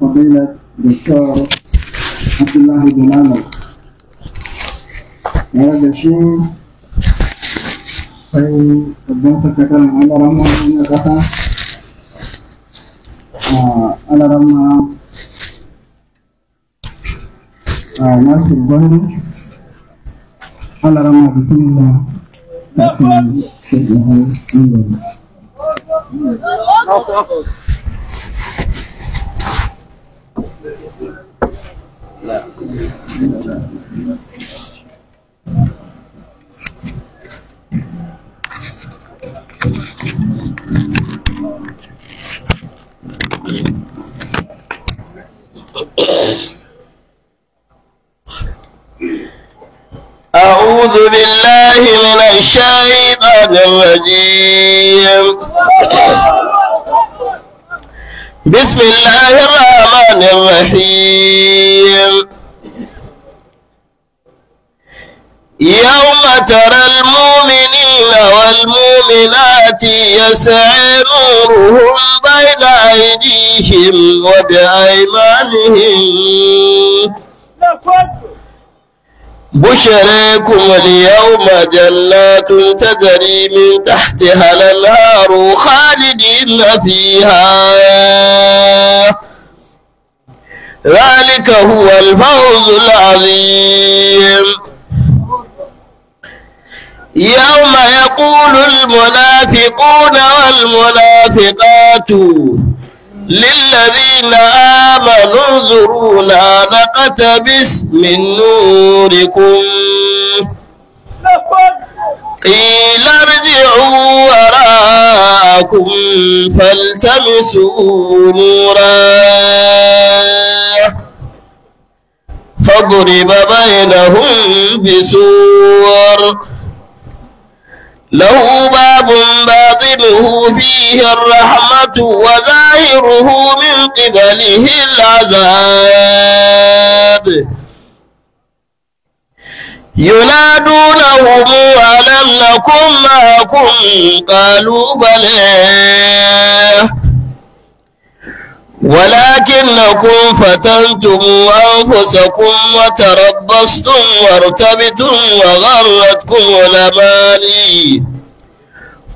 فضيلة الدكتور عبد الله بن عمر هذا شيء في البنك الكتاب على رمى من الغفا آه، على رمى ماشي آه، البنك على رمى بسم الله بسم الله بسم الله لا أعوذ بالله من الشيطان الرجيم بسم الله الرحمن الرحمن الرحيم يوم ترى المؤمنين والمؤمنات يسعى نورهم بين أيديهم وبأيمانهم بشريكم اليوم جنات تجري من تحتها الأنهار خالدين فيها ذلك هو الفوز العظيم يوم يقول المنافقون والمنافقات للذين آمنوا انظرونا نقتبس من نوركم قيل ارجعوا وراءكم فالتمسوا نورا فضرب بينهم بسور له باب باطنه فيه الرحمة وظاهره من قبله العذاب ينادونهم ألم نكن معكم قالوا بلى ولكنكم فتنتم أنفسكم وتربصتم وارتبتم وغرتكم الأماني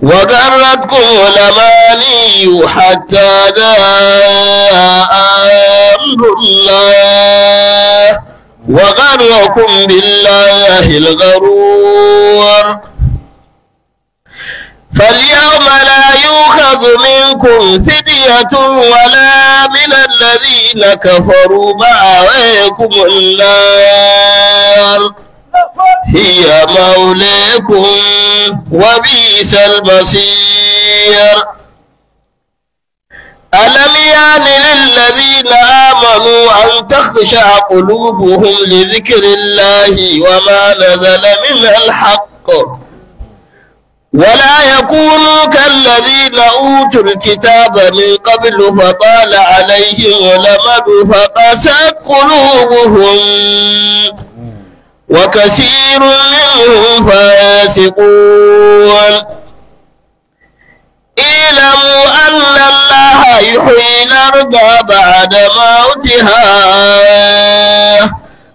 وغرتكم الأماني حتى جاء أمر الله وغركم بالله الغرور فاليوم لا يؤخذ منكم فدية ولا من الذين كفروا مأويكم النار هي موليكم وبئس المصير ألم يان للذين آمنوا أن تخشع قلوبهم لذكر الله وما نزل من الحق ولا يكونوا كالذين أوتوا الكتاب من قبل فطال عليهم الأمد فقست قلوبهم وكثير منهم فاسقون اعلموا أن الله يحيي الأرض بعد موتها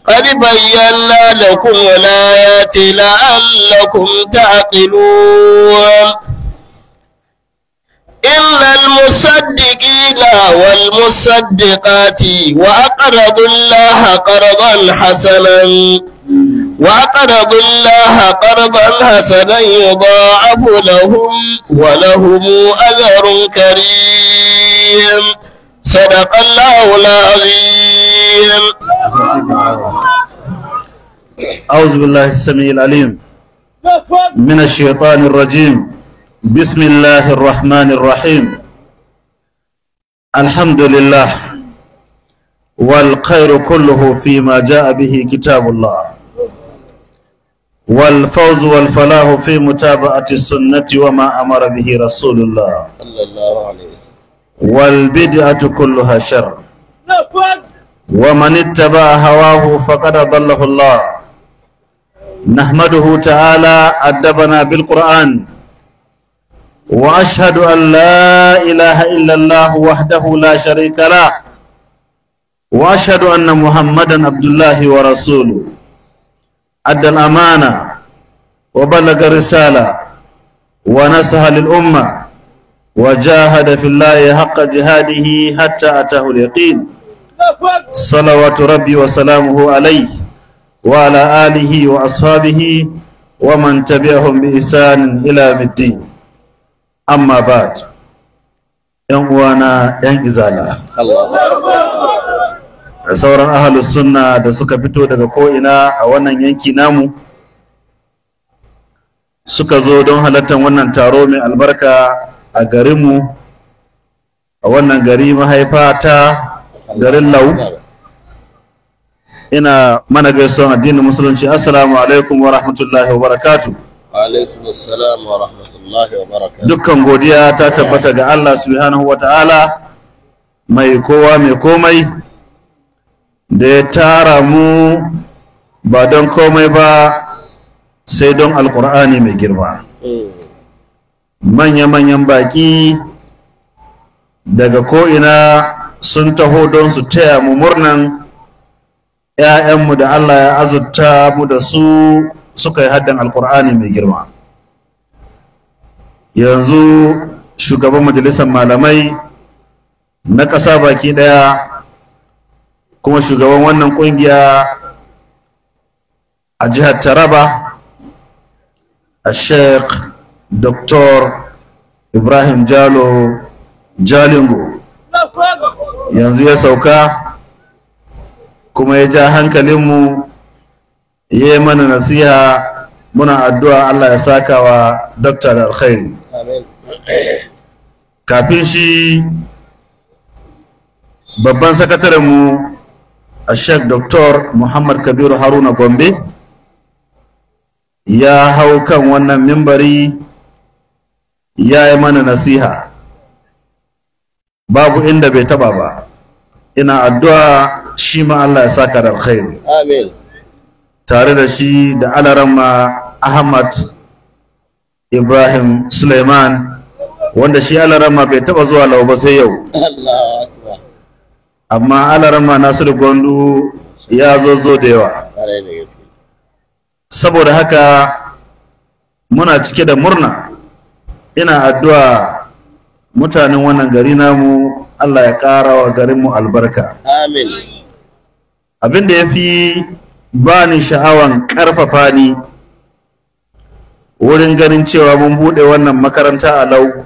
قد بينا لكم الآيات لعلكم تعقلون إن المصدقين والمصدقات وأقرضوا الله قرضا حسنا وأقرضوا الله قرضا حسنا يضاعف لهم ولهم أجر كريم صدق الله العظيم أعوذ بالله السميع العليم من الشيطان الرجيم بسم الله الرحمن الرحيم الحمد لله والخير كله فيما جاء به كتاب الله والفوز والفلاح في متابعة السنة وما أمر به رسول الله صلى الله عليه وسلم والبدعة كلها شر ومن اتبع هواه فقد ضله الله نحمده تعالى أدبنا بالقرآن وأشهد أن لا إله إلا الله وحده لا شريك له وأشهد أن محمدا عبد الله ورسوله أدى الأمانة وبلغ الرسالة ونصح للأمة وجاهد في الله حق جهاده حتى أتاه اليقين صلوات ربي وسلامه عليه وعلى آله وأصحابه ومن تبعهم بإحسان إلى الدين أما بعد ‘yan uwana ‘yan الله أكبر da sauran ahalus sunna da suka fito daga ko'ina a wannan yanki namu suka zo don halartar wannan taro mai albarka a garinmu a wannan gari mahaifa ta garin lau ina mana gaisuwan addinin musulunci assalamu alaikum wa rahmatullahi wa barakatu wa rahmatullahi wa barakatu dukkan godiya ta tabbata ga Allah subhanahu wa ta'ala mai kowa mai komai da ya tara mu ba don komai ba sai don alkur'ani mai girma manya-manyan baƙi daga ko'ina sun taho don su taya mu murnan ‘ya'yanmu da Allah ya azurta mu da su suka yi haddan alkur'ani mai girma yanzu shugaban majalisar malamai na ƙasa baki ɗaya kuma shugaban wannan kungiya a jihar taraba a sheikh dr ibrahim jalo jalingo yanzu ya sauka kuma ya ja hankalinmu ya yi mana nasiha muna addu'a Allah ya saka wa dokta da alkhairi kafin shi babban sakataren sakatarenmu Sheikh Dr. Muhammad Kabiru Haruna Gombe ya hau kan wannan mimbari ya yi mana nasiha babu inda bai taba ba ina addu'a shi ma Allah ya saka da alkhairi tare da shi da alarama Ahmad Ibrahim Suleiman wanda shi alarama bai taba zuwa lau ba sai yau Allah amma alarama nasiru gwandu ya zozo da yawa saboda haka muna cike da murna ina addu'a mutanen wannan gari namu Allah ya ƙara wa garinmu albarka Abinda abin da ya fi ba ni sha'awan ƙarfafa ni wurin ganin cewa mun buɗe wannan makaranta a lau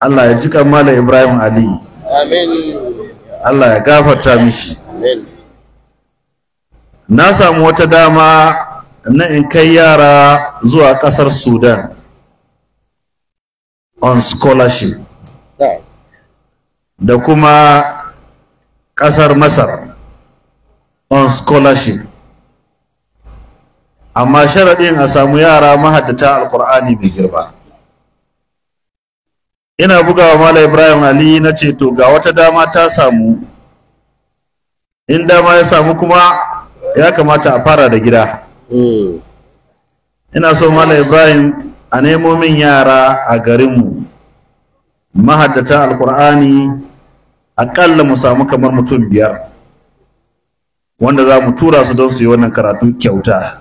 Allah ya ji kammala Ibrahim Ali amin Allah ya gafarta mishi amin na samu wata dama na in kai yara zuwa kasar Sudan on scholarship da kuma kasar Masar on scholarship amma sharaɗin a samu yara mahaddata Alƙur'ani mai girba ina bugawa mala ibrahim ali na ce to ga wata dama ta samu in dama ya samu kuma ya kamata a fara da gida hmm. ina so mala ibrahim a nemo min yara a garinmu mahaddata alkur'ani aƙalla mu samu kamar mutum biyar wanda za mu tura su don su yi wannan karatu kyauta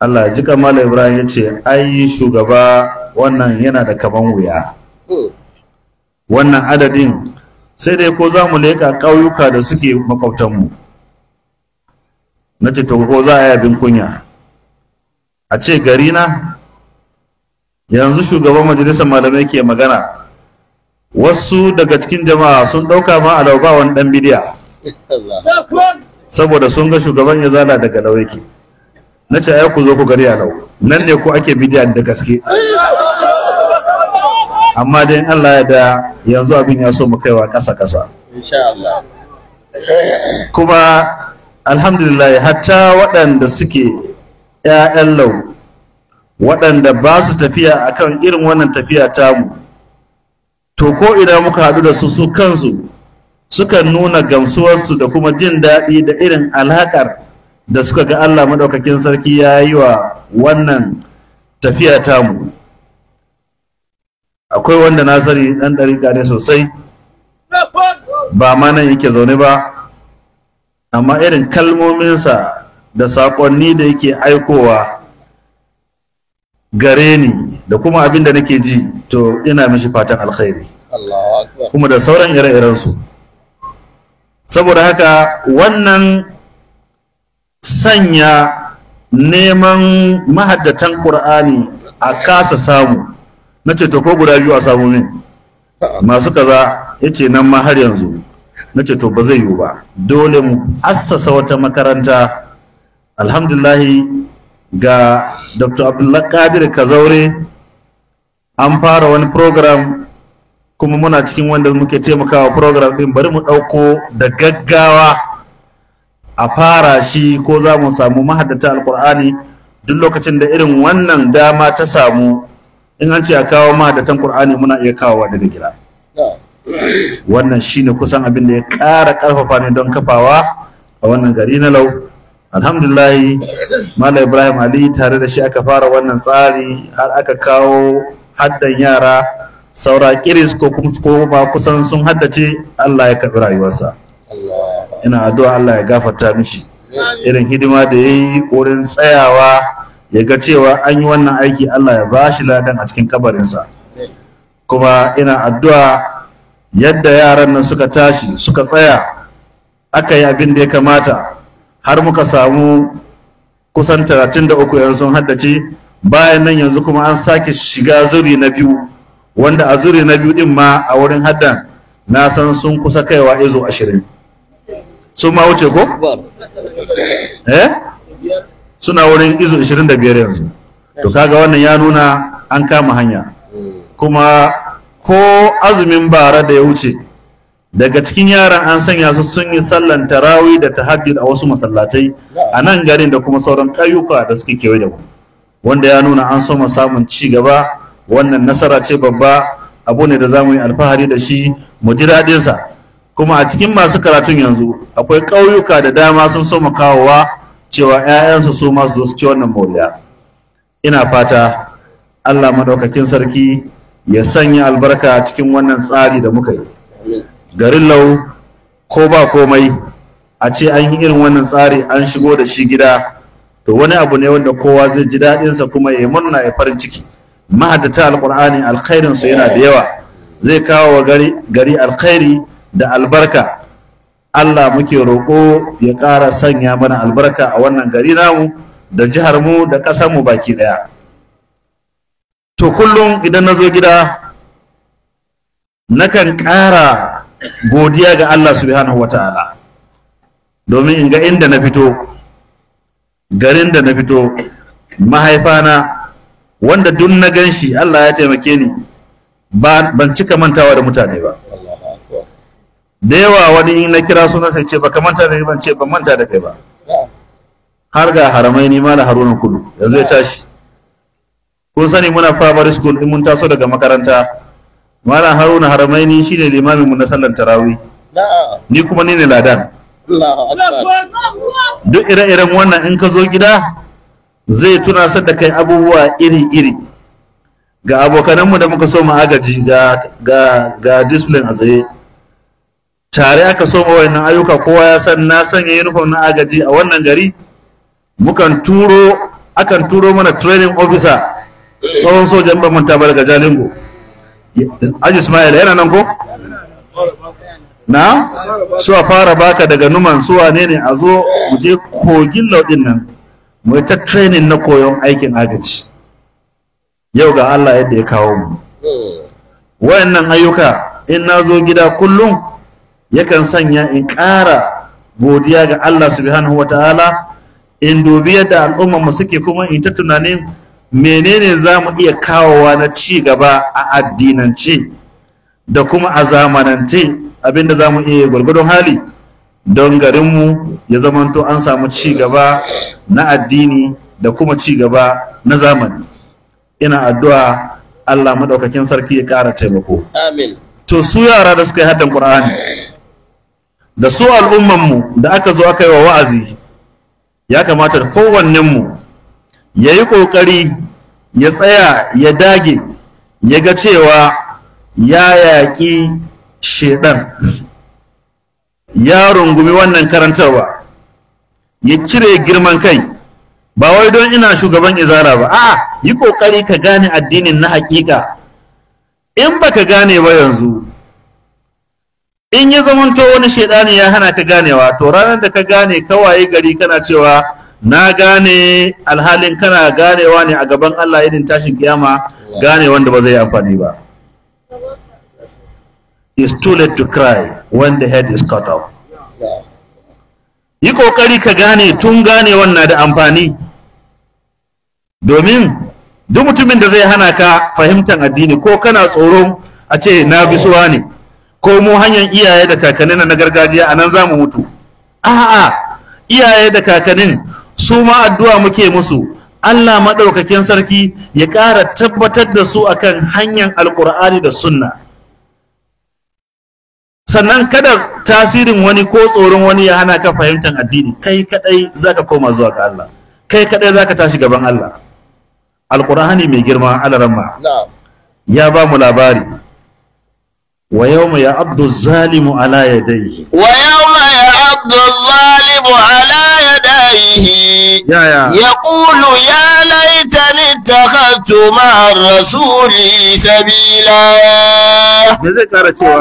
Allah ya ji kamala ibrahim ya ce ai shugaba wannan yana da kaman wuya hmm. wannan adadin sai dai ko za mu leka ƙauyuka da suke makwabtanmu na ce to ko za a yi abin kunya a ce gari na yanzu shugaban majalisar malamai ke magana wasu daga cikin jama'a sun ɗauka ma alauba wani ɗan bidiya saboda sun ga shugaban ya zala daga lauyaki na ce ku zo ku gari a yalau nan ne ko ake bidiya da gaske amma dai Allah ya da yanzu abin ya so mu kaiwa ƙasa ƙasa kuma alhamdulillah hatta waɗanda suke ƴaƴan lau waɗanda ba su tafiya akan irin wannan tafiya tamu to ko ina muka haɗu da su su kansu sukan nuna gamsuwarsu da kuma jin daɗi da irin alaƙar da suka ga Allah madaukakin sarki ya yi wa wannan tafiya tamu akwai wanda na dan ɗan ɗarika ne sosai ba ma nan yake zaune ba amma irin kalmominsa da saƙonni da yake aikowa gare ni da kuma abin da nake ji to ina mishi fatan alkhairi kuma da sauran ire-irensu saboda haka wannan sanya neman mahaddatan ƙur'ani a kasa samu na ce to ko guda biyu a samu min masu kaza ya ce nan ma har yanzu na ce to ba zai yiwu ba dole mu assasa wata makaranta alhamdulahi ga dr abdullahi kadir kazaure an fara wani program kuma muna cikin wanda muke taimakawa program ɗin, bari mu ɗauko da gaggawa a fara shi ko za mu samu mahaddata alkur'ani duk lokacin da irin wannan dama ta samu in an ce a kawo mahaddatan qur'ani muna iya kawowa daga gida wannan shine kusan abin da ya ƙara ƙarfafa ne don kafawa a wannan gari na lau alhamdulillahi malam ibrahim ali tare da shi aka fara wannan tsari har aka kawo haddan yara saura kiris ko kuma kusan sun haddace allah ya karɓi rayuwarsa ina addu'a Allah ya gafarta mishi irin hidima da ya yi ƙorin tsayawa ya ga cewa an yi wannan aiki Allah ya ba shi ladan a cikin kabarinsa kuma ina addu'a yadda yaran nan suka tashi suka tsaya aka yi abin da ya kamata har muka samu kusan 33 yanzu sun haddace bayan nan yanzu kuma an sake shiga zuri na biyu wanda a zuri na biyu din ma a wurin haddan na san sun kusa kaiwa izo ashirin sun ma wuce ko? eh? suna wurin izu 25 yanzu to kaga wannan ya nuna an kama hanya kuma ko azumin bara da ya wuce daga cikin yaran an sanya su sun yi sallan tarawi da tahajjud a wasu masallatai a nan garin da kuma sauran ƙauyuka da suke kewaye da mu wanda ya nuna an soma samun ci gaba wannan nasara ce babba abu ne da za mu yi alfahari da shi mu ji daɗinsa kuma a cikin masu karatun yanzu akwai ƙauyuka da dama sun soma kawowa cewa 'ya'yansu su masu su zo su ci wannan moriya ina fata Allah maɗaukakin sarki ya sanya albarka cikin wannan tsari da muka yi garin lau ko ba komai a ce an yi irin wannan tsari an shigo da shi gida to wani abu ne wanda kowa zai ji daɗinsa kuma ya murna ya farin ciki mahaddata alƙur'ani alkhairinsu yana da yawa zai kawo wa gari alkhairi da albarka Allah muke roƙo ya ƙara sanya mana albarka a wannan gari namu da jihar mu da ƙasar mu baki ɗaya to kullum idan na zo gida nakan ƙara godiya ga Allah subhanahu ta'ala, domin in ga inda na fito garin da na fito mahaifana wanda duk na gan shi Allah ya taimake ni ban cika mantawa da mutane ba da yawa wani in na kira sunan sai ce ba ka manta da ni ban ce ban manta da kai ba har ga haramai ni mala haruna kudu yanzu ya tashi kun sani muna primary school din mun taso daga makaranta Malam haruna haramai ni shine limamin mu na sallan tarawi. ni kuma ni ne ladan duk ire-iren wannan in ka zo gida zai tuna da kai abubuwa iri-iri ga abokananmu da muka so mu agaji ga ga ga discipline a tsaye tare aka soma wayannan ayyuka kowa ya san na sanya uniform na agaji a wannan gari mukan turo akan turo mana training officer tsohon sojan ban manta daga Jalingo Aji Ismail yana nan ko na su a fara baka daga numan su wane ne a zo mu je kogin laudin nan mu ta training na koyon aikin agaji yau ga Allah yadda ya kawo mu hmm. wayannan ayyuka in na zo gida kullum yakan sanya in ƙara godiya ga Allah subhanahu wa ta'ala in dubi yadda al'ummar mu suke kuma in ta tunanin menene za mu iya kawowa na ci gaba a addinance da kuma a zamanance abinda za mu iya gwargwadon hali don garinmu ya zamanto an samu ci gaba na addini da kuma ci gaba na zamani ina addu'a Allah maɗaukakin sarki ya ƙara taimako amin to su yara da suka yi haddan Qur'ani da su al'ummanmu da aka zo aka yi wa wa'azi ya kamata mu. ya yi ƙoƙari ya tsaya ya dage ya ga cewa ya yaƙi shaidan ya rungumi wannan karantarwa ya cire girman kai ba wai don ina shugaban izara ba a'a yi ƙoƙari ka gane addinin na haƙiƙa in baka gane ba yanzu in ya zamanto wani shaidani ya hana ka ganewa to ranar da ka gane kawaye gari kana cewa na gane alhalin kana ganewa ne a gaban Allah irin tashin kiyama gane wanda ba zai amfani ba it's too late to cry when the head is cut off yi kokari ka gane tun gane wannan da amfani domin duk mutumin da zai hana ka fahimtar addini ko kana tsoron a ce na bisuwa ne ko mu hanyar iyaye da kakannin na gargajiya a nan za mu mutu a'a iyaye da kakannin su ma addu'a muke musu Allah maɗaukakin sarki ya ƙara tabbatar da su akan hanyar alƙur'ani da sunna sannan kada tasirin wani ko tsoron wani ya hana ka fahimtar addini kai kadai zaka koma zuwa ga Allah kai kadai zaka tashi gaban Allah alƙur'ani mai girma alaramma ya ba mu labari ويوم يعض الظالم على يديه ويوم يعض الظالم على يديه يا يا. يقول يا ليتني اتخذت مع الرسول سبيلا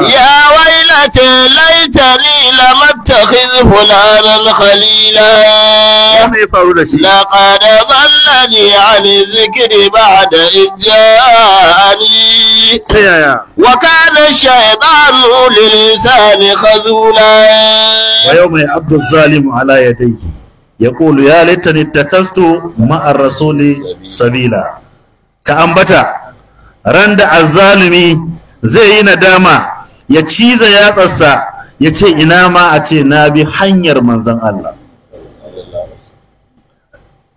يا ويلتى ليتني لم اتخذ فلانا خليلا يعني لقد ضلني عن الذكر بعد إذ جاءني وكان الشيطان للإنسان خزولا ويوم يعبد الظالم على يديه yaqulu ya laitani takastu ma'ar rasuli sabila ka ambata ran da azzalumi zai yi nadama ya ciza yatsarsa ya ce ina ma a ce na bi hanyar manzon Allah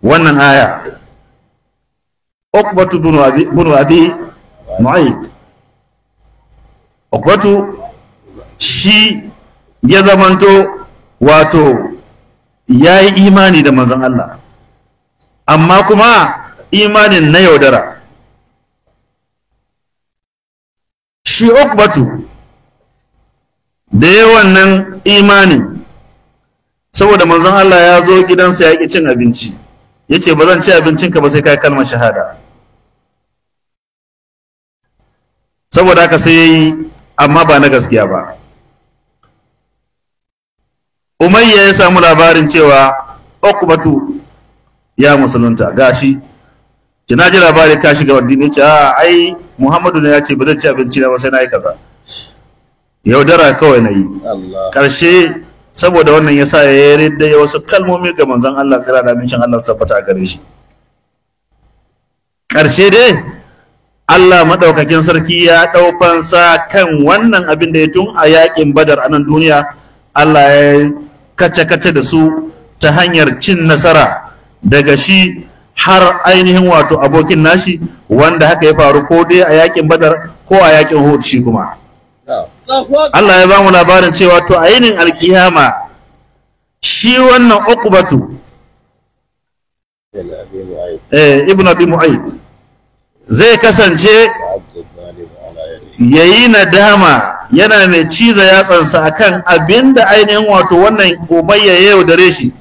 wannan aya Uqbatu bin Abi bin Abi shi ya zamanto wato ya yi imani da manzan Allah amma kuma imanin na yaudara shi ukbatu da yawan nan imanin saboda manzan Allah ya zo gidansa ya ƙi cin abinci yace ba zan ci abincinka ba sai ka kalmar shahada saboda haka sai yayi amma ba na gaskiya ba umayya ya samu labarin cewa ukbatu ya musulunta gashi kina ji labari ka shiga addini ce a ah, ai muhammadu ne ya ce ba zai ci abinci na ba sai na yi kaza yaudara kawai nayi yi saboda wannan ya sa ya yi da wasu kalmomi ga manzon Allah tsira da amincin Allah su tabbata a gare shi Karshe dai Allah maɗaukakin sarki ya dau fansa kan wannan abin da ya tun a yakin badar a nan duniya Allah ya kace-kace da su ta hanyar cin nasara daga shi har ainihin wato abokin nashi wanda haka ya faru ko dai a yakin badar ko a yakin hud shi kuma Allah ya bamu labarin cewa to a yinin alkiyama shi wannan uqbatu eh, ibn abi mu'ayy zai kasance yayi nadama yana mai ciza yatsansa a akan abinda ainihin wato wannan ubayya ya yaudare shi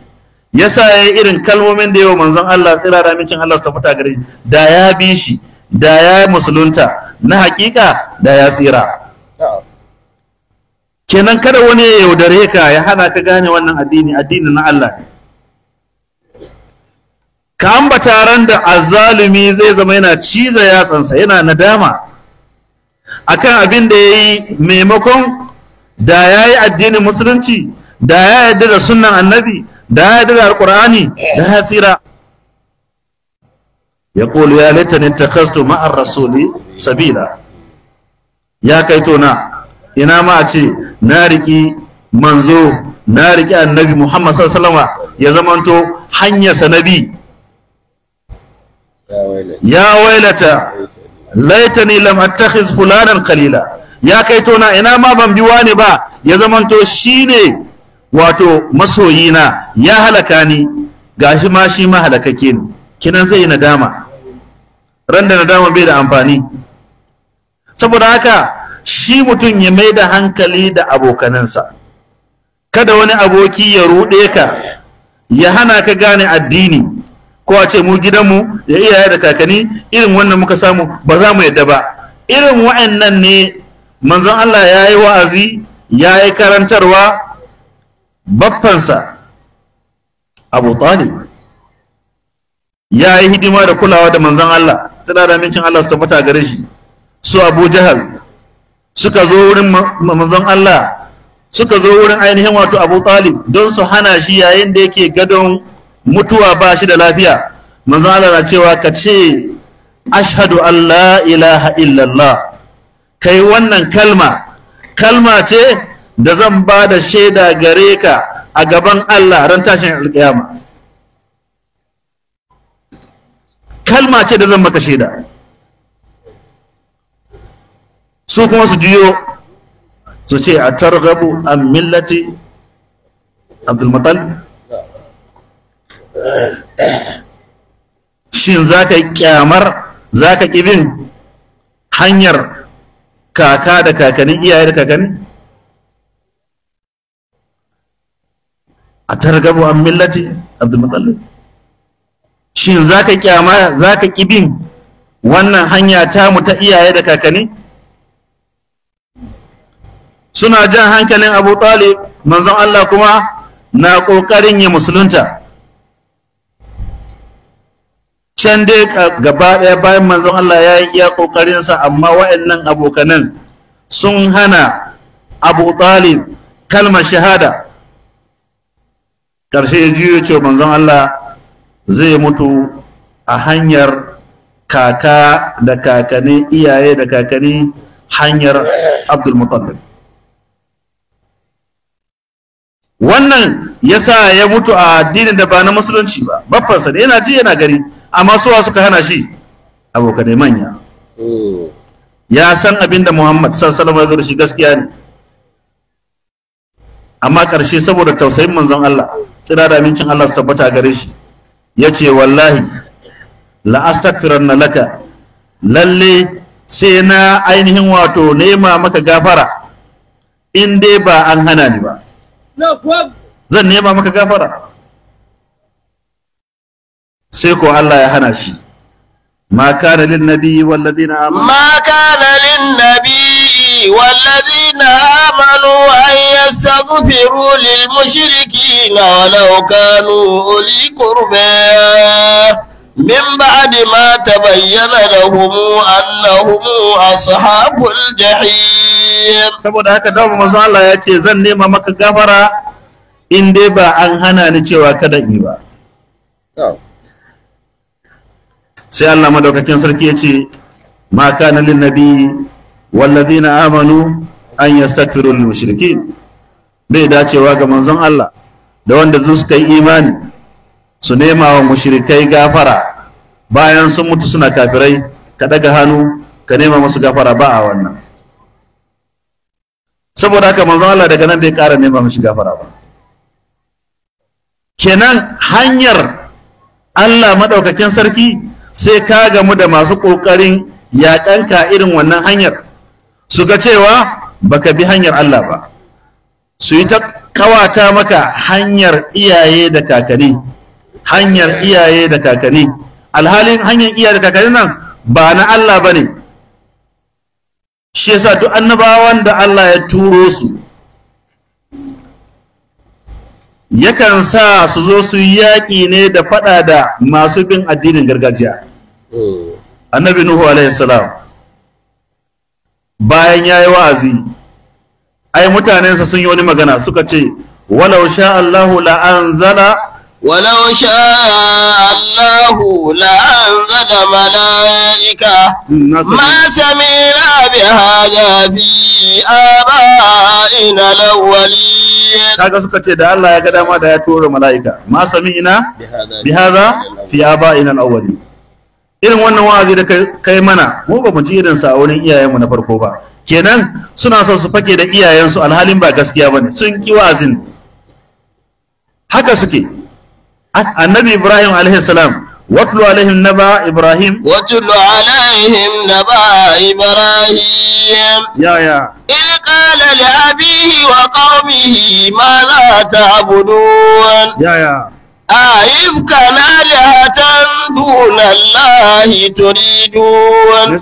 yasa ya yi irin kalmomin da yawa manzon Allah tsira da amincin Allah su fita gare da ya bi shi da ya musulunta na hakika da ya tsira kenan kada wani ya yaudare ka ya hana ka gane wannan addini addini na Allah ka ambata ran da azzalumi zai zama yana ciza yatsansa yana nadama akan abin da ya yi maimakon da ya yi addinin musulunci da ya yi da sunnan annabi da ya yi da alkur'ani da ya tsira ya kulu ya ta takastu ma'ar rasuli sabila ya kai tona ina ma a ce na riki manzo na riki annabi muhammad sallallahu ya zamanto hanyar sanabi ya wailata laitani lam attakhiz fulanan qalila ya kai tona ina ma ban bi wani ba ya zamanto shine wato masoyina ya halaka ni gashi ma shi ma halakake ni kinan zai nadama ran da nadama bai da amfani saboda haka shi mutum ya mai da hankali da abokanansa kada wani aboki ya ruɗe ka ya hana ka gane addini ko a ce mu gidanmu ya iyaye da kakanni irin wannan muka samu ba za mu yadda ba irin wa'annan ne manzon Allah ya yi wa'azi ya yi karantarwa baffansa abu talib ya yi hidima da kulawa da manzon Allah tsira da mincin Allah su tabbata gare shi su abu jahal suka zo wurin manzon Allah suka zo wurin ainihin wato abu talib don su hana shi yayin da yake gadon mutuwa ba shi da lafiya manzo Allah na cewa ka ce ashhadu an la ilaha illallah kai wannan kalma kalma ce da zan ba da shaida gare ka a gaban Allah ran tashin alkiyama kalma ce da zan maka shaida su kuma su jiyo su ce a targabu an millati abdulmatal shin za ka kyamar za ka bin hanyar kaka da kakani iyaye da kakani? a targabu an millati abdulmutallib shin za ka kyama za ka bin wannan hanya tamu ta iyaye da kakani? suna jan hankalin abu talib manzon Allah kuma na ƙoƙarin ya musulunta can dai gaba ɗaya bayan manzon Allah ya yi iya ƙoƙarinsa amma waɗannan abokanan sun hana abu talib kalmar shahada ƙarshe ya juyo ce manzon Allah zai mutu a hanyar kaka da kakani iyaye da kakani hanyar abdul mutallib wannan ya sa ya mutu a addinin da ba na musulunci ba babbansa ne yana ji yana gani. amma suwa suka hana shi ne manya hmm. ya san abin da Muhammad sallallahu alaihi shi gaskiya ne amma karshe saboda tausayin manzon Allah tsira da amincin Allah su tabbata gare shi ce wallahi la astaghfiranna laka lalle sai na ainihin wato nema maka gafara in dai ba an hana ni ba zan nema maka gafara sai ko Allah ya hana shi ma kana lin nabiyyi wal ladina amanu ma kana lin nabiyyi wal ladina amanu an yastaghfiru lil mushrikina walau kanu uli qurba min ba'di ma tabayyana lahum annahum ashabul jahim saboda haka dawo manzo Allah ya ce zan nema maka gafara in dai ba an hana ni cewa kada in yi ba sai Allah madaukakin sarki ya ce ma kana lin nabi wallazina amanu an yastaghfiru lil mushrikin bai dacewa ga manzon Allah da wanda zu suka yi imani su nema wa mushrikai gafara bayan sun mutu suna kafirai ka daga hannu ka nema musu gafara ba a wannan saboda haka manzon Allah daga nan bai ƙara nema musu gafara ba kenan hanyar Allah maɗaukakin sarki sai ka gamu da masu ƙoƙarin yaƙanka irin wannan hanyar su ga cewa baka bi hanyar Allah ba su yi ta kawata maka hanyar iyaye da kakanni hanyar iyaye da kakanni alhalin hanyar iyaye da kakanni nan ba na Allah ba ne shi yasa duk annabawan da Allah ya turo su yakan sa su zo su yi yaƙi ne da faɗa da masu bin addinin gargajiya hmm. annabi nuhu alaihi salam bayan yayi wa'azi ai mutanensa sun yi wani magana suka ce walau sha Allahu la anzala ولو شاء الله لأنزل ملائكة ما سمينا بهذا في آبائنا الأولين kaga suka ce da Allah ya ga dama da ya tura mala'ika ma ina bihaza fi aba'ina ina irin wannan wa'azi da kai mana mu ba mu ji irin sa a wurin iyayenmu na farko ba kenan suna son su fake da iyayensu alhalin ba gaskiya bane sun ki wa'azin haka suke النبي إبراهيم عليه السلام واتلو عليهم نبأ إبراهيم واتلو عليهم نبأ إبراهيم يا يا إذ قال لأبيه وقومه ماذا تعبدون يا يا كان آلهة دون الله تريدون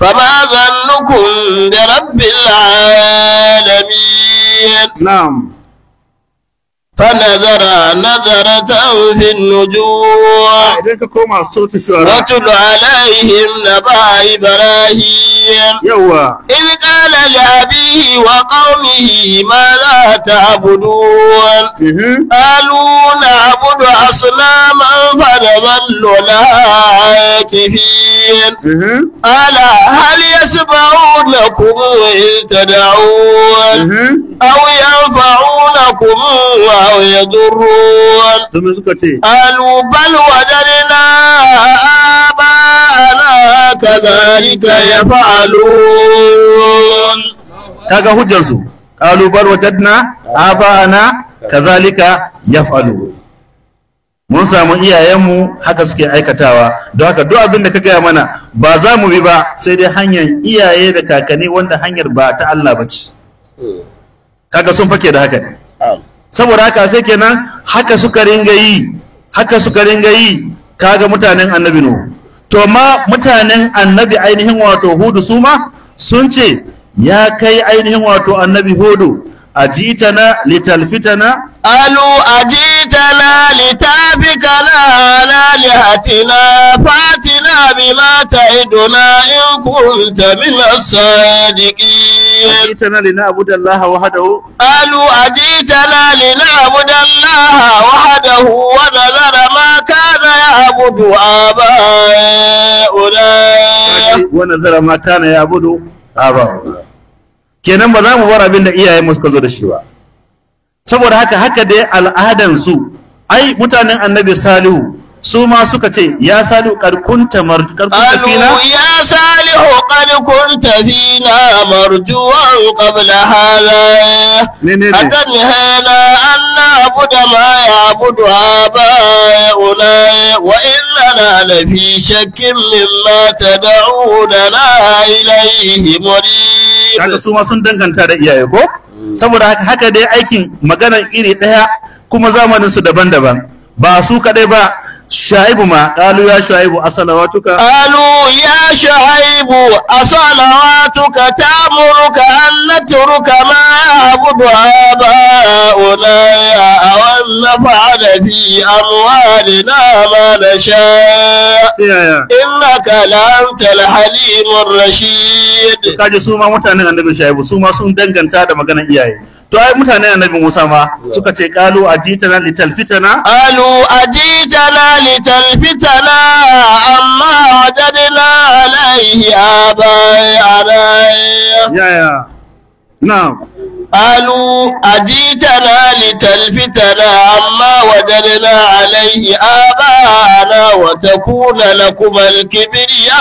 فما ظنكم برب العالمين نعم فنذر نذرة في النجوم وتل عليهم نبأ إبراهيم إذ قال لأبيه وقومه ماذا تعبدون إيه. قالوا نعبد أصناما فنظل لها عاكفين إيه. ألا هل يسمعونكم إذ تدعون إيه. أو ينفعونكم أو يضرون قالوا بل وجدنا alu كذلك يفعلون aba ana kadhalika yaf'alun kaga hujjar su alu Kazalika ya mun samu iyayenmu haka suke aikatawa don haka duk abin da ka gaya mana ba za mu bi ba sai dai hanyar iyaye da kakanni wanda hanyar ba ta Allah ba ce kaga sun fake da haka saboda haka sai kenan haka suka ringa yi haka suka ringa yi kaga mutanen annabi no. to ma mutanen annabi ainihin wato hudu suma, sun ce ya kai ainihin wato annabi hudu أجيتنا لتلفتنا قالوا أجيتنا لتابكنا على لهتنا فاتنا بما تعدنا إن كنت من الصادقين أجيتنا لنعبد الله وحده قالوا أجيتنا لنعبد الله وحده ونذر ما كان يعبد آباؤنا ونذر ما كان يعبد آباؤنا kenan ba za mu bar abin da mu suka zo da shi ba saboda haka haka dai al'adan su ai mutanen annabi salihu su ma suka ce ya salihu kar mar fina ya salihu shehu qad kunta fina marjuwan qabla hadha atanhana an na'budu ma ya'budu aba'una wa innana lafi shakkin mimma tad'una ilayhi murib kaga su ma sun danganta da iyaye ko saboda haka dai aikin maganar iri ɗaya kuma zamanin su daban-daban ba su kadai ba shaibu ma qalu ya shaibu asalawatuka qalu ya shaibu asalawatuka tamuruka an natruka ma ya'budu abauna aw an naf'ala bi amwalina ma nasha innaka la antal halimur rashid kaje su ma mutanen annabi shaibu su ma sun danganta da maganar iyaye to ai mutanen annabi Musa ma suka ce kalu ajitana litan fitana alu ajitana litan fitana amma wajadna alaihi abai alaiya ya ya alu ajitana litan fitana amma wajadna alaihi abana wa takuna lakum alkibriya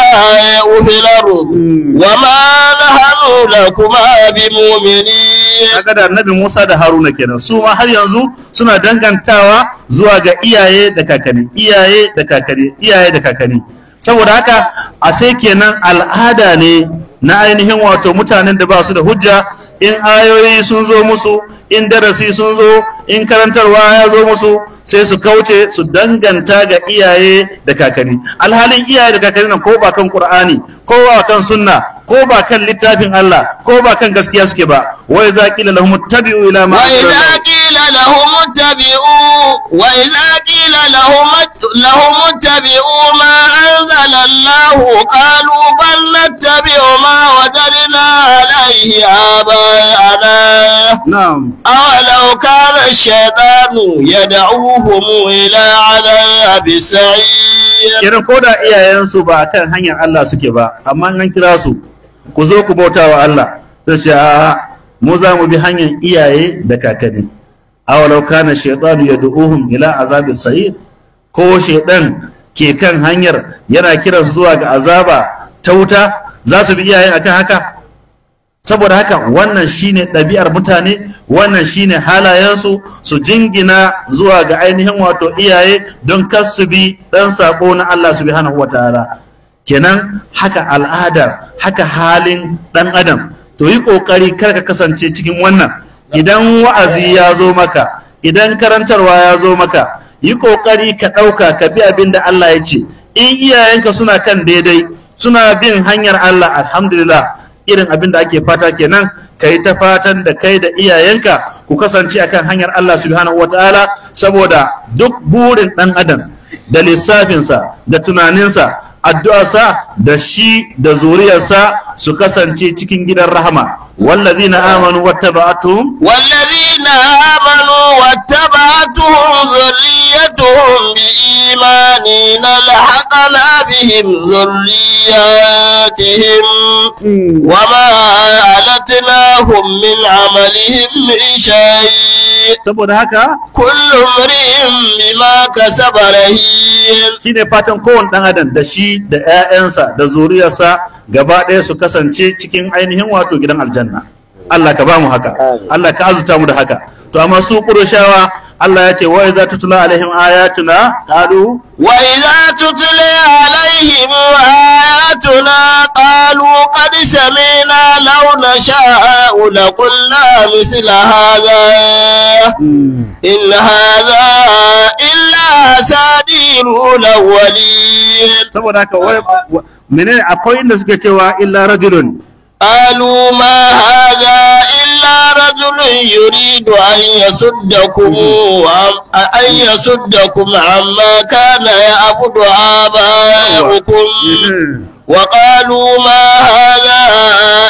ya uhilaru hmm. wa ma nahanu lakuma bimuminin kaga da annabi Musa da Haruna kenan su ma har yanzu suna dangantawa zuwa ga iyaye da kakanni iyaye da kakanni iyaye da kakanni saboda haka a sai kenan al'ada ne na ainihin wato mutanen da ba su da hujja in ayoyi sun zo musu in darasi sun zo in karantarwa ya zo musu sai su kauce su danganta ga iyaye da kakanni alhalin iyaye da kakanni nan ko ba kan qur'ani ko ba kan sunna ko ba kan littafin Allah ko ba kan gaskiya suke ba wa za qila lahum tabi'u ila ma wa idza qila lahum tabi'u wa idza قيل لهم لهم اتبعوا ما أنزل الله قالوا بل نتبع ما وجدنا عليه آباءنا نعم أولو كان الشيطان يدعوهم إلى عذاب السعير irin ko da iyayensu ba kan hanyar Allah suke ba amma an kira su ku zo ku bauta wa Allah sai ce a mu za mu bi hanyar iyaye da kakanni awalau kana ya yad'uhum ila azabi sa'ir ko shaitan ke kan hanyar yana kiransu zuwa ga azaba ta wuta za su bi iyaye akan haka saboda haka wannan shine ɗabi'ar mutane wannan shine halayensu su jingina zuwa ga ainihin wato iyaye don kar su bi ɗan saƙo na Allah subhanahu wataala ta'ala kenan haka al'adar haka halin ɗan adam to yi ƙoƙari kar ka kasance cikin wannan idan wa'azi ya zo maka idan karantarwa ya zo maka yi ƙoƙari ka ɗauka ka bi abin da Allah ya ce in iyayenka suna kan daidai suna bin hanyar Allah alhamdulillah irin abin da ake fata kenan ka yi ta fatan da kai da iyayenka ku kasance akan hanyar Allah subhanahu wataala saboda duk burin ɗan adam da lissafinsa da tunaninsa addu'arsa da shi da zuriyarsa su kasance cikin gidan rahama والذين آمنوا واتبعتهم والذين آمنوا واتبعتهم ذريتهم بإيمان لحقنا بهم ذرياتهم وما ألتنا lahum min amalihim min shay saboda haka kullu mar'in bima kasaba rahin shine fatan kowanne ɗan adam da shi da 'ya'yansa da zuriyarsa gaba ɗaya su kasance cikin ainihin wato gidan aljanna Allah ka ba haka Allah ka azuta mu da haka to amma su ƙurushawa Allah ya ce wa idza tutla alaihim ayatuna qalu wa idza tutla alaihim ayatuna qalu qad sami'na law nasha'u la qulna misla hadha hmm. in hadha illa sadirul awwalin saboda haka menene akwai inda suke cewa illa rajulun قالوا ما هذا إلا رجل يريد أن يصدكم أن يصدكم عما كان يعبد آباؤكم وقالوا ما هذا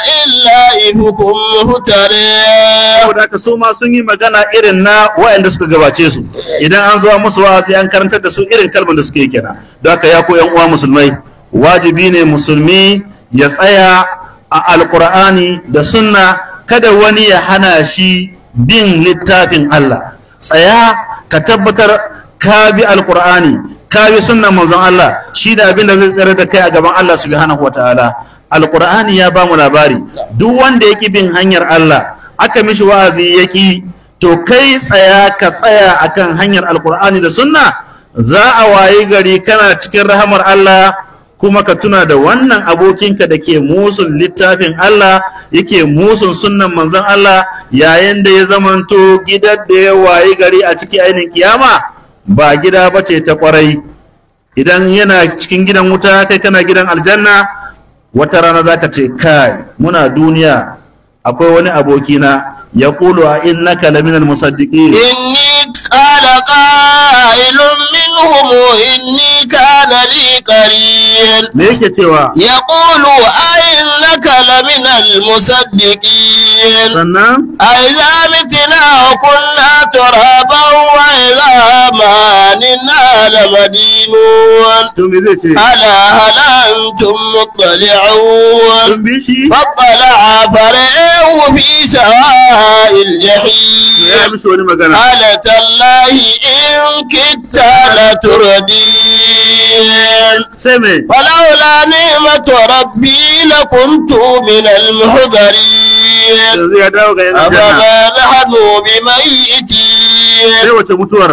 إلا إفكم مفترين saboda haka su ma sun yi magana irin na waɗanda suka gabace su idan an zuwa musu wa'azi an karantar da su irin kalmar da suke kira Da haka ya koyan uwa musulmai wajibi ne musulmi ya tsaya a Alƙur'ani da sunna kada wani ya hana shi bin littafin Allah tsaya ka tabbatar ka bi alkur'ani ka bi sunnan manzon Allah shi da abin da zai tsare da kai a gaban Allah subhanahu wataala alkur'ani ya ba mu labari duk wanda yake bin hanyar Allah aka mishi wa'azi ƙi, to kai tsaya ka tsaya akan hanyar alkur'ani da sunna za a wayi gari kana cikin rahamar Allah kuma ka tuna da wannan abokinka da ke musun littafin Allah yake musun sunnan manzon Allah yayin da ya zamanto gidan da ya wayi gari a ciki ainin kiyama ba gida bace ta kwarai idan yana cikin gidan wuta kai kana gidan aljanna wata rana za ka ce kai muna duniya akwai wani aboki na, ya kulu a innaka laminal musaddiqin inni qala qailun منهم إني كان لي قرين يقول أئنك لمن المصدقين أئذا متنا وكنا ترابا وإذا ما ننا لمدينون ألا هل أنتم مطلعون فطلع فرعه في سواء الجحيم قال تالله إن كدت تردين ولولا نعمة ربي لكنت من المحذرين أفما نحن بميتين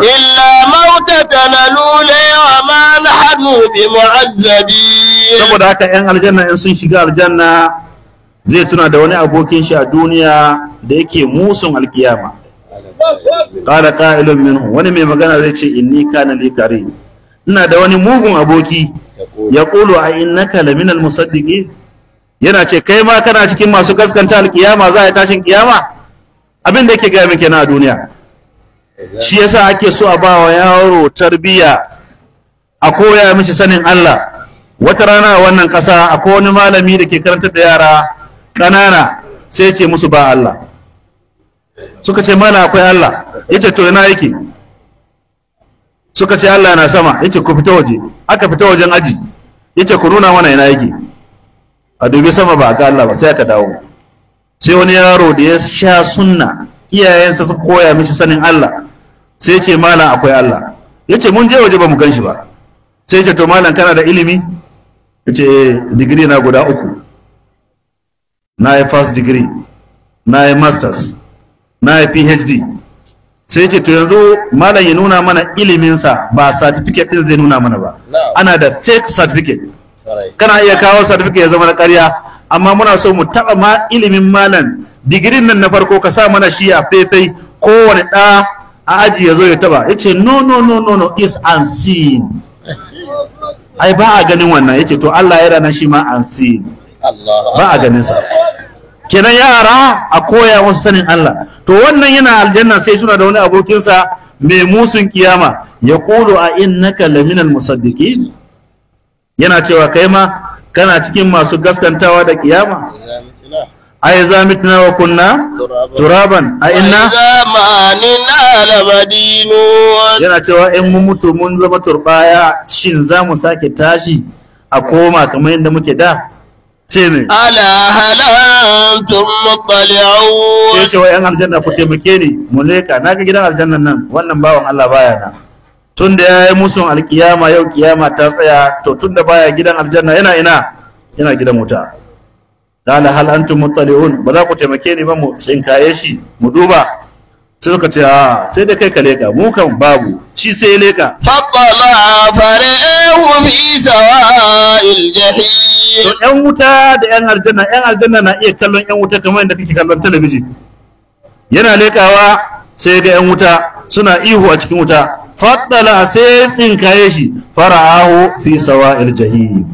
إلا موتتنا الأولى وما نحن بمعذبين saboda haka 'yan aljanna in sun shiga aljanna zai tuna da wani abokin shi a duniya da yake musun alkiyama Kada qa'ilun minhum wani mai magana zai ce inni kana li kare ina da wani mugun aboki Ya ƙulu a innaka laminal musaddiki yana ce kai ma kana cikin masu gaskanta alkiyama za a yi tashin kiyama abin da yake gaya min kenan a duniya shi yasa ake so a ba wa yaro tarbiya a koya mishi sanin Allah wata rana a wannan ƙasa akwai wani malami da ke karantar da yara ƙanana sai ce musu ba Allah suka ce mana akwai Allah yace to ina yake suka ce Allah yana sama yace ku fita waje aka fita wajen aji yace ku nuna mana ina yake a dubi sama ba ga Allah ba sai aka dawo sai wani yaro da ya sha sunna iyayensa su koya mishi sanin Allah sai ce malam akwai Allah yace mun je waje ba mu ganshi ba sai ce to malam kana da ilimi yace eh, digiri na guda uku na yi first degree na yi masters na PhD sai ce to yanzu malam ya nuna mana iliminsa ba certificate din zai nuna mana ba ana da fake certificate kana iya kawo certificate ya zama na ƙarya amma muna so mu taɓa ma ilimin malam digirin nan na farko ka sa mana shi a faifai kowane ɗa a aji ya zo ya taɓa ya ce no no no no no is unseen ai ba a ganin wannan ya ce to Allah ya rana shi ma unseen ba a ganin sa kenan yara a koya wasu sanin Allah to wannan yana aljanna sai suna da wani abokinsa mai musun kiyama ya kulu a innaka laminal musaddiqin yana cewa kai ma kana cikin masu gaskantawa da kiyama ai zamitna wa kunna turaban a inna zamanina labadinu yana cewa in mun mutu mun zama turbaya shin za mu sake tashi a koma kamar yadda muke da ce ne ala halantum muttali'un yace an aljanna ku taimake ni mu leka naga gidan aljannan nan wannan bawan Allah baya na tun da yayi musu alkiyama yau kiyama ta tsaya to tun da baya gidan aljanna yana ina yana gidan wuta ala hal antum muttali'un ba za ku taimake ni ba mu tsinkaye shi mu duba sai suka ce a sai da kai ka leka mu kan babu shi sai leka faƙala farehu fi jahim to yan wuta da yan aljanna yan aljanna na iya kallon yan wuta kamar yadda kake kallon talabijin yana lekawa sai ga yan wuta suna ihu a cikin wuta faɗala sai kaye shi fara'ahu fi sawa'il jahim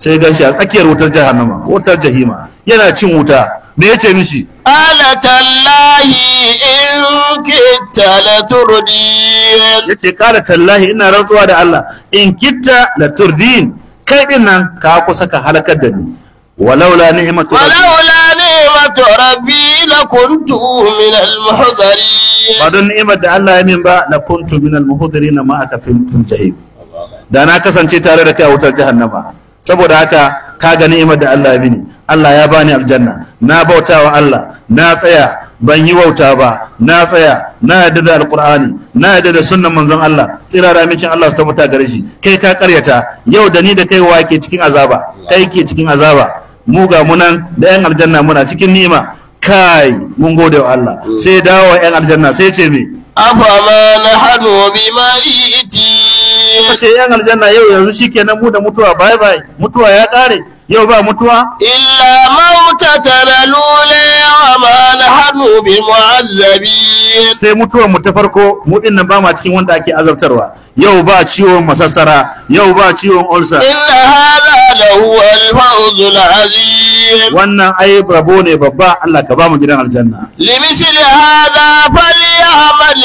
sai gan shi a tsakiyar wutar jahannama wutar jahima yana cin wuta me yace mishi ala tallahi in kitta la turdin yace kala tallahi ina rantsuwa da Allah in kitta la turdin kai din nan ka kusa ka halakar da ni walaula ni'matu walaula ni'matu rabbi kuntu min al-muhdarin ba don ni'mar da Allah ya min ba kuntu min al-muhdarin ma aka tun jahim da na kasance tare da kai a wutar jahannama saboda haka ka ga ni'imar da Allah ya bini Allah ya bani aljanna na bautawa Allah na tsaya ban yi wauta ba na tsaya na yarda da alqur'ani na yarda da sunnan manzon Allah tsira da amincin Allah su tabbata gare shi kai ka karyata yau da ni da kai wa ke cikin azaba kai ke cikin azaba mu ga munan da yan aljanna muna cikin ni'ima kai mun gode wa Allah sai dawo yan aljanna sai ce me afama nahnu bima iti ce yan aljanna yau yanzu shikenan mu da mutuwa bye bye mutuwa ya ƙare yau ba mutuwa illa mautatana lula wa ma nahnu bi mu'azzabin sai mutuwar mu ta farko mu din nan ba ma cikin wanda ake azabtarwa yau ba ciwon masassara yau ba ciwon ulsa inna hadha lahu al-fawzul azim wannan ai rabo ne babba Allah ka ba mu gidan aljanna limisli hadha falyamal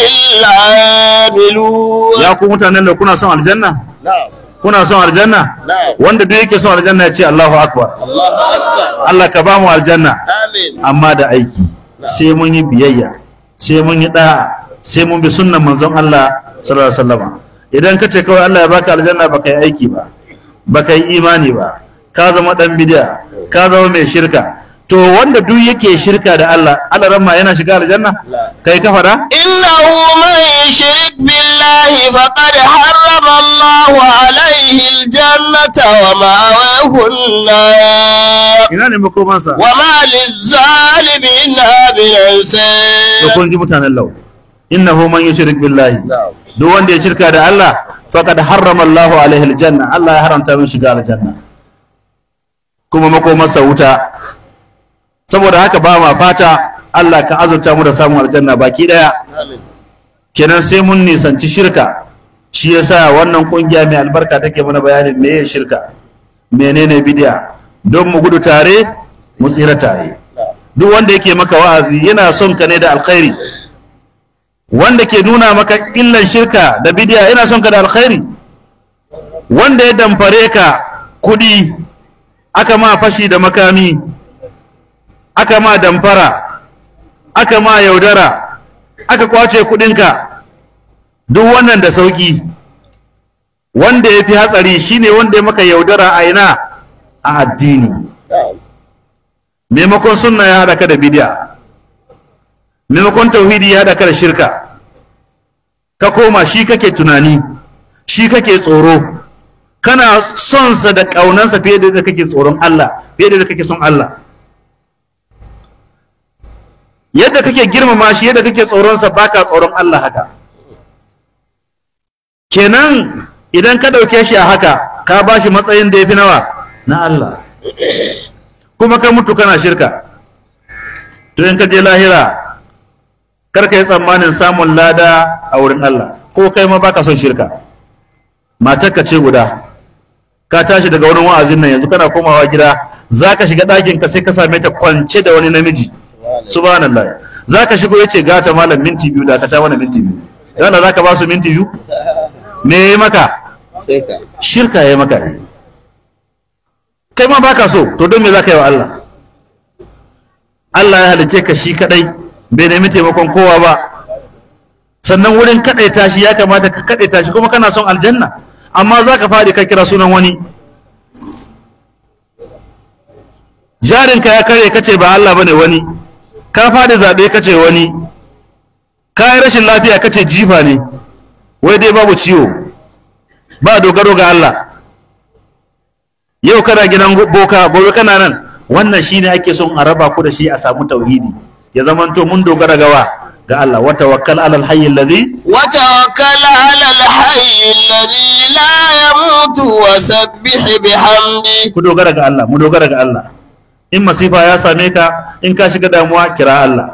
lil ya ku mutanen da kuna son aljanna na'am kuna son aljanna wanda duk yake son aljanna ya ce Allahu akbar Allah ka ba mu aljanna amma da aiki sai mun yi biyayya sai mun yi da sai mun bi sunnan manzon Allah sallallahu alaihi wasallam idan ka ce kawai Allah ya baka aljanna baka yi aiki ba baka yi imani ba ka zama dan bid'a ka zama mai shirka to wanda duk yake shirka da Allah Allah ramma yana shiga aljanna kai ka fara illa man yushrik billahi faqad harrama Allah alayhi aljannata wa ma'awahu an-nar ina ne makoman sa wa ma lizzalimin abiyansa to kun ji mutanen law innahu man yushrik billahi duk wanda ya shirka da Allah faqad harrama Allah alayhi aljanna Allah ya haramta mun shiga aljanna kuma sa wuta saboda haka ba ma fata Allah ka azurta mu da samun aljanna baki daya kenan sai mun nisanci shirka shi yasa wannan kungiya mai albarka take mana bayanin me yin shirka menene bid'a don mu gudu tare mu tsira tare duk wanda yake maka wa'azi yana son ka ne da alkhairi wanda ke nuna maka illan shirka da bid'a yana son ka da alkhairi wanda ya damfare ka kudi aka ma fashi da makami aka ma damfara aka ma yaudara aka kwace kudinka duk wannan da sauki wanda ya fi hatsari shine wanda ya maka yaudara a ina a addini maimakon sunna ya haɗa ka da bidiya maimakon tauhidi ya haɗa ka da shirka ka koma shi kake tunani shi kake tsoro kana sonsa da ƙaunansa fiye da kake tsoron Allah fiye da kake son Allah yadda kake girmama shi yadda kake tsoronsa baka tsoron Allah haka kenan idan ka ɗauke shi a haka ka ba shi matsayin da ya fi nawa na Allah kuma ka mutu kana shirka to in ka je lahira kar ka yi tsammanin samun lada a wurin Allah ko kai ma baka son shirka matar ka ce guda ka tashi daga wani wa'azin nan yanzu kana komawa gida za ka shiga ɗakin ka sai ka same ta kwance da wani namiji subhanallah zaka shigo yace gata malam minti biyu da ka ta mana minti biyu yana zaka ba su minti biyu me yayi maka shirka yayi maka kai ma baka so to don me zaka yi wa Allah Allah ya halice ka shi kadai bai nemi taimakon kowa ba sannan wurin kadaita shi ya kamata ka kadaita shi kuma kana son aljanna amma zaka fadi ka kira sunan wani jarinka ya kare kace ba Allah bane wani ka fadi zaɓe kace wani ka yi rashin lafiya kace jifa ne wai dai babu ciwo ba dogaro ga Allah yau kana gidan boka gobe kana nan wannan shine ake son a raba ku da shi a samu tauhidi ya zamanto mun dogara gawa ga Allah wa tawakkal ala al-hayy alladhi wa tawakkal ala al-hayy alladhi la yamutu wa sabbih bihamdi ku dogara ga Allah mu dogara ga Allah in masifa ya same ka in ka shiga damuwa kira Allah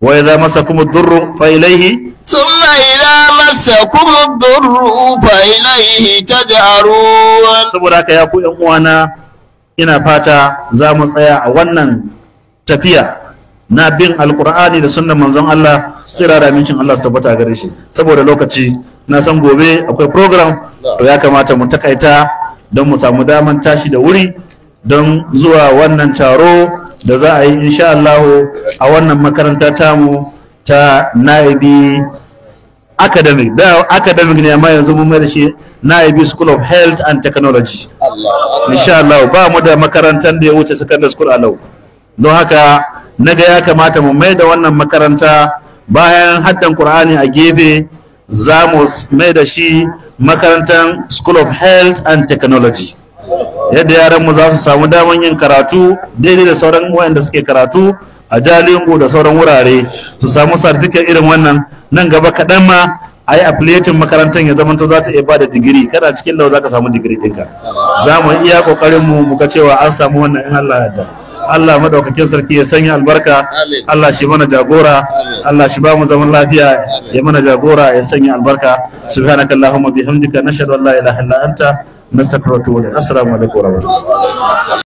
wa idza masakum ad-durr fa ilayhi thumma idza masakum ad-durr fa ilayhi taj'arun saboda haka ya ku yan uwana ina fata za mu tsaya a wannan tafiya na bin alqur'ani da sunnan manzon Allah tsira da amincin Allah su tabbata gare shi saboda lokaci na san gobe akwai program to ya kamata mu takaita don mu samu daman tashi da wuri don zuwa wannan taro da za a yi insha Allahu a wannan makaranta tamu ta naibi academic da academic ne amma yanzu mun da shi naibi school of health and technology insha Allah ba mu da makarantar da ya wuce secondary school a lau don haka na ga ya kamata mu mai da wannan makaranta bayan haddan qur'ani a gefe za mu mai da shi makarantar school of health and technology yadda yaranmu za su samu daman yin karatu daidai da sauran wayanda suke karatu a jalingo da sauran wurare su samu sartifiket irin wannan nan gaba kaɗan ma a yi affiliating makarantar ya zamanto za ta iya bada da digiri kada cikin lau za ka samu digiri ɗinka za mu iya ƙoƙarinmu mu ga cewa an samu wannan in Allah ya Allah madaukakin sarki ya sanya albarka Allah shi mana jagora Allah shi ba mu zaman lafiya ya mana jagora ya sanya albarka subhanakallahumma bihamdika nashhadu an la ilaha illa anta nastaghfiruka wa atubu ilayk assalamu alaikum wa rahmatullahi